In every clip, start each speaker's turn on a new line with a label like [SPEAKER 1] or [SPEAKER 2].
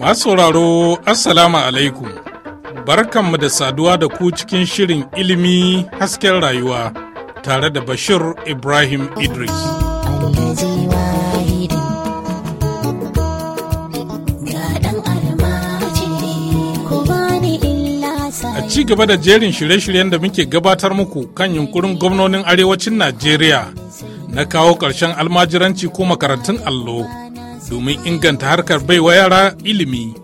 [SPEAKER 1] Masu sauraro Assalamu alaikum barkanmu da saduwa da ku cikin shirin ilimi hasken rayuwa tare da Bashir Ibrahim Idris. A ci gaba da jerin shirye-shiryen da muke gabatar muku kan yunkurin gwamnonin arewacin Najeriya na kawo ƙarshen almajiranci ko makarantun allo domin inganta harkar baiwa yara ilimi.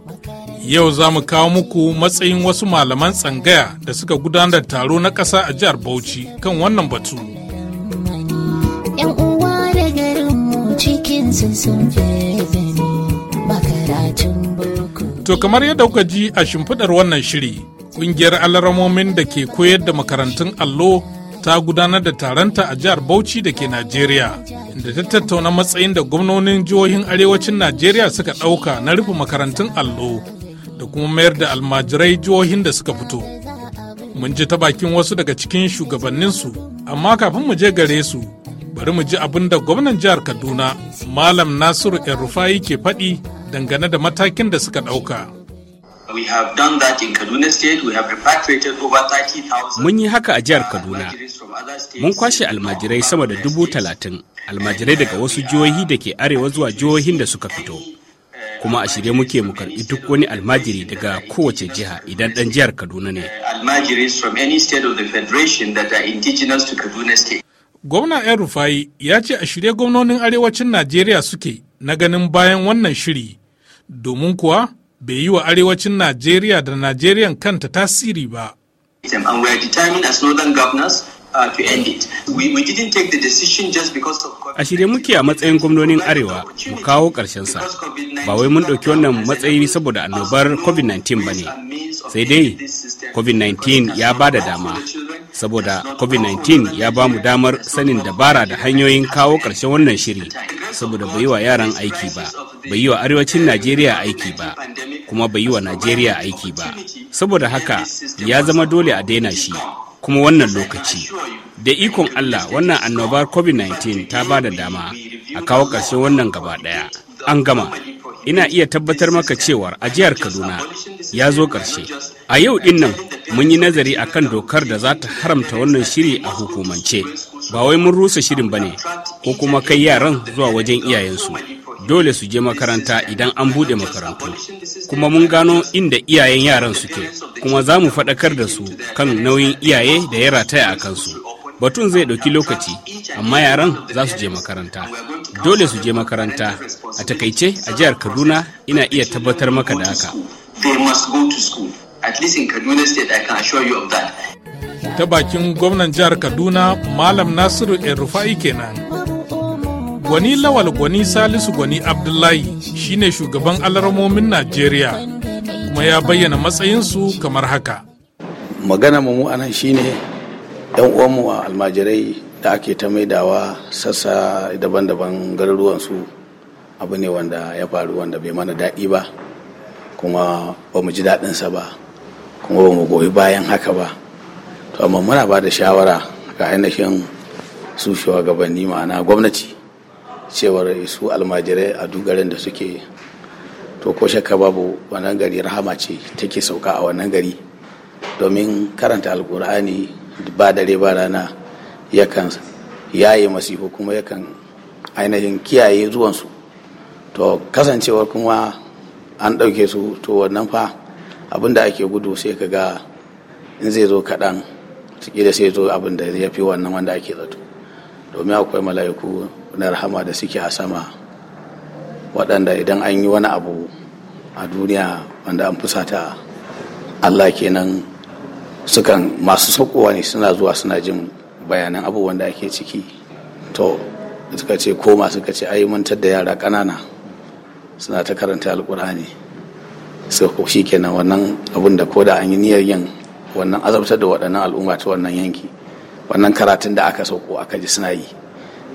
[SPEAKER 1] Yau za mu kawo muku matsayin wasu malaman tsangaya da suka gudanar taro na ƙasa a jihar Bauchi kan wannan batu. To kamar yadda kuka ji a shimfiɗar wannan shiri, ƙungiyar alaramomin da ke koyar da makarantun allo ta gudanar da taronta a jihar Bauchi da ke Najeriya, inda ta tattauna matsayin da gwamnonin jihohin arewacin Najeriya suka ɗauka na rufe makarantun allo da kuma mayar da almajirai jihohin da suka fito. Mun ji ta bakin wasu daga cikin shugabanninsu, amma kafin mu je gare su, bari mu ji abin da gwamnan jihar Kaduna, Malam Nasiru Rufai ke faɗi dangane da matakin da suka ɗauka.
[SPEAKER 2] Mun yi haka a jihar uh, Kaduna. Mun kwashe almajirai sama da dubu talatin, almajirai daga wasu jihohi da ke arewa zuwa jihohin da suka fito. Uh, Kuma a shirye muke mu karɓi duk wani almajiri daga kowace jiha idan ɗan jihar Kaduna ne.
[SPEAKER 1] Uh, Gwamna ‘yan Rufai ya ce a shirye gwamnonin arewacin Najeriya suke na ganin bayan wannan shiri, domin kuwa bai yi wa arewacin Najeriya da Najeriyan kanta tasiri ba.
[SPEAKER 2] Uh, a shirye muke a matsayin gwamnonin Arewa mu kawo sa Ba wai mun ɗauki wannan matsayi saboda annobar COVID-19 ba ne. Sai dai COVID-19 ya ba da dama. Saboda COVID-19 ya ba mu damar sanin dabara da hanyoyin kawo ƙarshen wannan shiri. Saboda bai yi wa yaran aiki ba, bai yi wa arewacin Najeriya aiki ba. kuma bai yi wa Najeriya aiki ba. Saboda haka ya zama dole a daina shi kuma wannan lokaci. Da ikon Allah wannan annobar COVID-19 ta ba da dama a kawo ƙarshen wannan gaba ɗaya. An gama. Ina iya tabbatar maka cewar ajiyar Kaduna ya zo ƙarshe. A yau ɗin nan mun yi nazari a kan dokar da za ta haramta wannan shiri a hukumance. Ba wai mun rusa shirin ba ne ko kuma kai yaran zuwa wajen iyayensu. dole su je makaranta idan an bude makarantu kuma mun gano inda iyayen yaran suke kuma za mu faɗakar da su kan nauyin iyaye da ya rataya a kansu batun zai ɗauki lokaci amma yaran za su je makaranta dole su je makaranta a takaice a jihar kaduna ina iya tabbatar maka da haka
[SPEAKER 1] ta bakin gwamnan jihar kaduna malam nasiru el rufai kenan Gwani Lawal Gwani Salisu Gwani Abdullahi shine shugaban alarmomin Najeriya kuma ya bayyana matsayinsu kamar haka.
[SPEAKER 3] Magana mu anan shine yan uwanmu a almajirai da ake ta maidawa sassa daban-daban garuruwansu abu ne wanda ya faru wanda bai mana daɗi ba kuma ba mu ji daɗinsa ba kuma ba mu goyi bayan haka ba to amma muna ba da shawara ga ainihin su shugabanni ma'ana gwamnati cewar su almajirai a garin da suke to ko shakka babu wannan gari rahama ce take sauka a wannan gari domin karanta alkur'ani ba dare ba rana yakan yaye masifo kuma yakan ainihin kiyaye zuwansu to kasancewar kuma an ɗauke su to wannan fa abin da ake gudu sai ka ga in zai zo kaɗan da sai zo abin da ya fi wannan wanda ake zato domin akwai mala'iku na rahama da suke a sama waɗanda idan an yi wani abu a duniya wanda an fusata allah kenan sukan masu saukowa ne suna zuwa suna jin bayanan abubuwan da ake ciki to suka ce koma suka ce ayi mantar da yara ƙanana suna ta karanta alkur'ani suka shi kenan wannan abin da ko da an yi niyyar yin wannan azabtar da waɗannan al'umma ta wannan yanki wannan karatun da aka sauko aka ji suna yi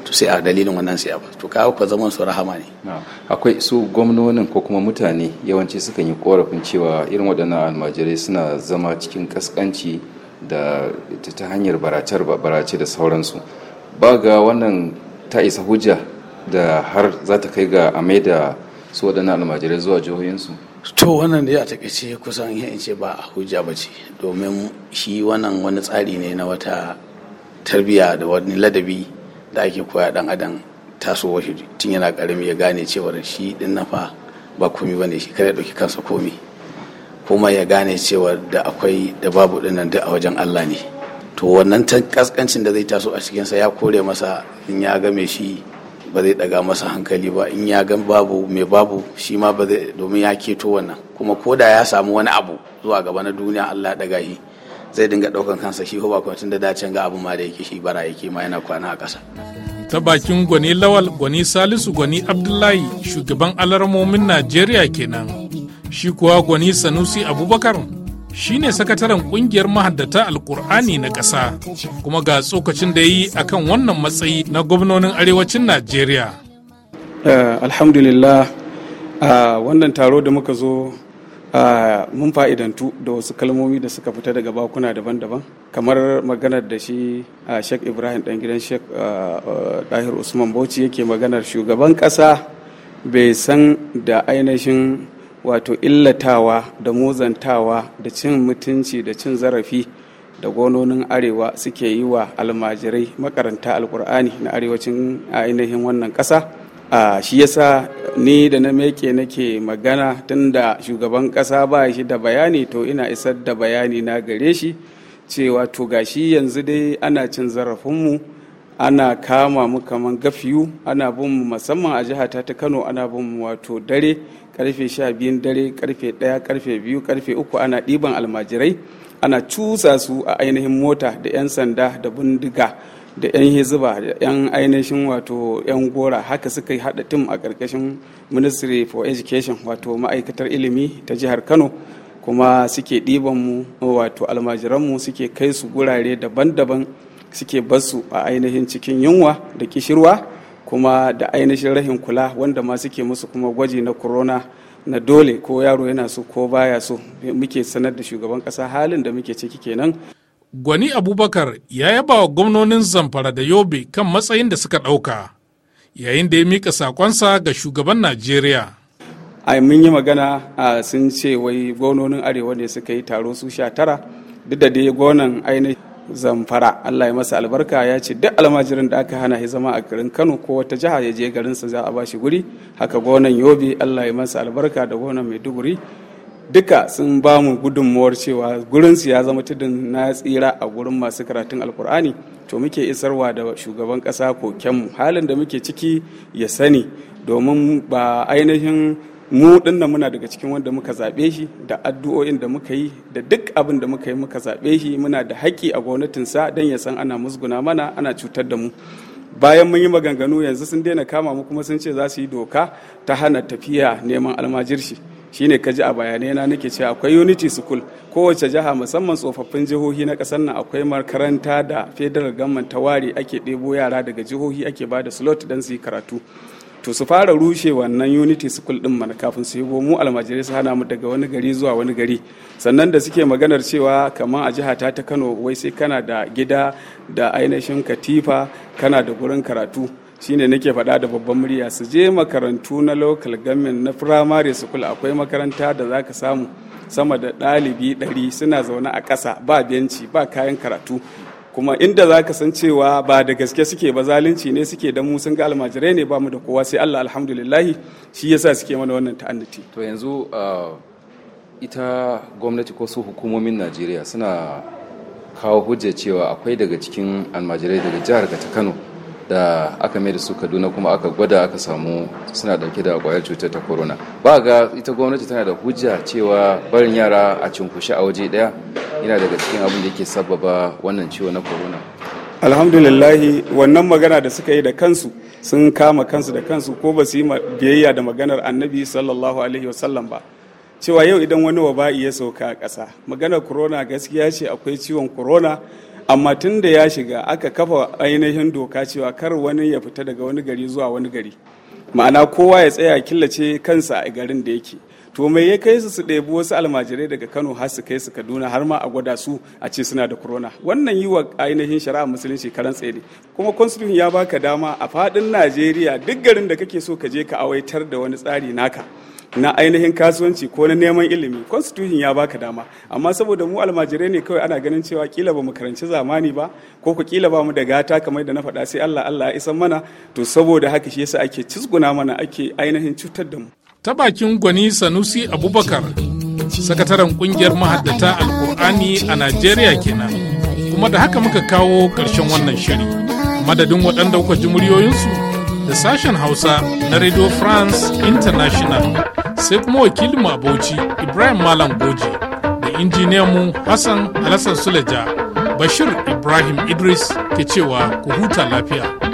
[SPEAKER 3] to sai a dalilin wannan sai ba to kawo ka zaman su rahama ne akwai su gwamnonin ko kuma mutane yawanci sukan yi korafin cewa irin waɗannan almajirai suna zama cikin kaskanci
[SPEAKER 4] da ta hanyar barace da sauransu ba ga wannan ta isa hujja da har za ta kai ga a mai da su waɗannan almajirai zuwa jihohinsu
[SPEAKER 3] to wannan da ya takaice kusan in ce ba a hujja ba ce domin shi wannan wani tsari ne na wata tarbiyya da wani ladabi da ake koya dan adam tasowa shi tun yana karami ya gane cewa shi din nafa ba komi bane shi kare dauki kansa komi kuma ya gane cewa da akwai da babu nan duk a wajen Allah ne to wannan kaskancin da zai taso a cikin sa ya kore masa in ya game shi ba zai daga masa hankali ba in ya gan babu mai babu shi ma ba zai domin ya keto wannan kuma koda ya samu wani abu zuwa gaba na duniya Allah daga shi zai dinga ɗaukan kansa shi ba kwamitin da dacen ga abu ma da yake shi bara yake ma yana kwana a ƙasa.
[SPEAKER 1] ta bakin gwani lawal gwani salisu gwani abdullahi shugaban alarmomin najeriya kenan shi kuwa gwani sanusi abubakar shine sakataren kungiyar mahaddata alkur'ani na ƙasa kuma ga tsokacin da yi akan wannan matsayi na gwamnonin arewacin najeriya
[SPEAKER 4] eh, alhamdulillah ah, wannan taro da muka zo Ah, mun fa'idantu da wasu kalmomi da suka fita daga bakuna daban-daban kamar maganar da shi ah, sheikh ibrahim dan gidan sheikh ah, dahir usman bauchi yake maganar shugaban ƙasa bai san da ainihin wato illatawa da muzantawa da cin mutunci da cin zarafi da gononin arewa suke yi wa almajirai makaranta alkur'ani na arewacin ainihin wannan ƙasa a shi yasa ni da na meke nake magana tun da shugaban kasa ba shi da bayani to ina isar da bayani na gare shi cewa to gashi yanzu dai ana cin zarafinmu ana kama mu kaman gafiyu ana bin mu musamman a jihata ta kano ana bin mu wato dare karfe sha biyun dare karfe ɗaya karfe biyu karfe uku ana ɗiban almajirai ana cusa su a ainihin mota da 'yan sanda da bindiga da 'yan hizuba da 'yan ainihin wato 'yan gora haka suka yi haɗa tim a ƙarƙashin ministry for education wato ma'aikatar ilimi ta jihar kano kuma suke ɗiban mu wato almajiranmu suke kai su gurare daban-daban suke basu a ainihin cikin yunwa da kishirwa kuma da ainihin rahin kula wanda ma suke musu kuma gwaji na corona na dole ko yaro yana so ko baya so muke sanar da shugaban ƙasa halin da muke ciki kenan
[SPEAKER 1] Gwani Abubakar ya yaba wa gwamnonin Zamfara da Yobe kan matsayin da suka ɗauka, yayin da ya mika sakonsa ga shugaban Najeriya. a mun yi magana
[SPEAKER 4] a sun ce wai gwamnonin Arewa ne suka yi taro su sha tara, duk da dai gwamnan ainihin Zamfara Allah ya masa albarka ya ce duk almajirin da aka hana ya zama a garin Kano ko wata jiha ya je garinsa za a bashi guri, haka gwamnan Yobe Allah ya masa albarka da gwamnan Maiduguri duka sun ba mu gudunmuwar cewa gurinsu ya zama tudun na tsira a gurin masu karatun alkur'ani to muke isarwa da shugaban kasa kokenmu halin da muke ciki ya sani domin ba ainihin mu dinnan muna daga cikin wanda muka zaɓe shi da addu'o'in da muka yi da duk abin da muka yi muka zaɓe shi muna da haƙƙi a gwamnatin sa don ya san ana musguna mana ana cutar da mu bayan mun yi maganganu yanzu sun daina kama mu kuma sun ce za su yi doka ta hana tafiya neman almajirshi shine ka ji a bayanai na nake cewa akwai unity school kowace jiha musamman tsofaffin jihohi na kasar nan akwai makaranta da federal government ta ware ake ɗebo yara daga jihohi ake ba da slot don su yi karatu to su fara rushe wannan unity school din mana kafin su yi mu almajirai su hana mu daga wani gari zuwa wani gari sannan da suke maganar cewa kamar a jiha ta ta kano wai sai kana da gida da ainihin katifa kana da gurin karatu shine nake faɗa da babban murya su je makarantu na local government na primary school akwai makaranta da za ka samu sama da ɗalibi ɗari suna zaune a ƙasa ba benci ba kayan karatu kuma inda za ka san cewa ba da gaske suke ba zalunci ne suke da mu sun ga almajirai ne ba mu da kowa sai Allah alhamdulillahi shi yasa suke mana wannan ta'annati to yanzu uh, ita gwamnati ko su hukumomin Najeriya suna kawo hujja cewa akwai daga cikin almajirai daga jihar ta Kano da aka mai da su kaduna kuma aka gwada aka samu suna dauke da kwayar cutar ta corona ba ga ita gwamnati tana da hujja cewa barin yara a cunkushe a waje daya yana daga cikin abin da yake sababa
[SPEAKER 2] wannan ciwo na corona
[SPEAKER 4] alhamdulillahi wannan magana da suka yi da kansu sun kama kansu da kansu ko ba su yi biyayya da maganar annabi sallallahu alaihi wasallam ba cewa yau idan wani wa waba'i ya sauka a ƙasa maganar corona gaskiya ce akwai ciwon corona amma tun da ya shiga aka kafa ainihin doka cewa kar wani ya fita daga wani gari zuwa wani gari ma'ana kowa ya tsaya killace kansa a garin da yake to mai ya kai su su ɗebi wasu almajirai daga kano har su kai su kaduna har ma a gwada su a ce suna da corona wannan yi wa ainihin shari'a musulunci karan tsaye ne kuma constitution ya baka dama a faɗin najeriya duk garin da kake so ka je ka awaitar da wani tsari naka na ainihin kasuwanci ko na neman ilimi constitution ya baka dama amma saboda mu almajirai ne kawai ana ganin cewa kila ba mu karanci zamani ba ko ku kila ba mu da gata kamar da na faɗa sai Allah Allah ya isan mana to saboda haka shi yasa ake cisguna mana ake ainihin cutar da mu
[SPEAKER 1] ta bakin gwani Sanusi Abubakar sakataren kungiyar mahaddata alkur'ani a Najeriya kenan kuma da haka muka kawo ƙarshen wannan shiri madadin waɗanda kuka ji muryoyinsu da sashen Hausa na Radio France International sai kuma wakilin Bauchi Ibrahim Malam Goji da injiniyanmu Hassan Alassan Suleja Bashir Ibrahim Idris ke cewa ku huta lafiya.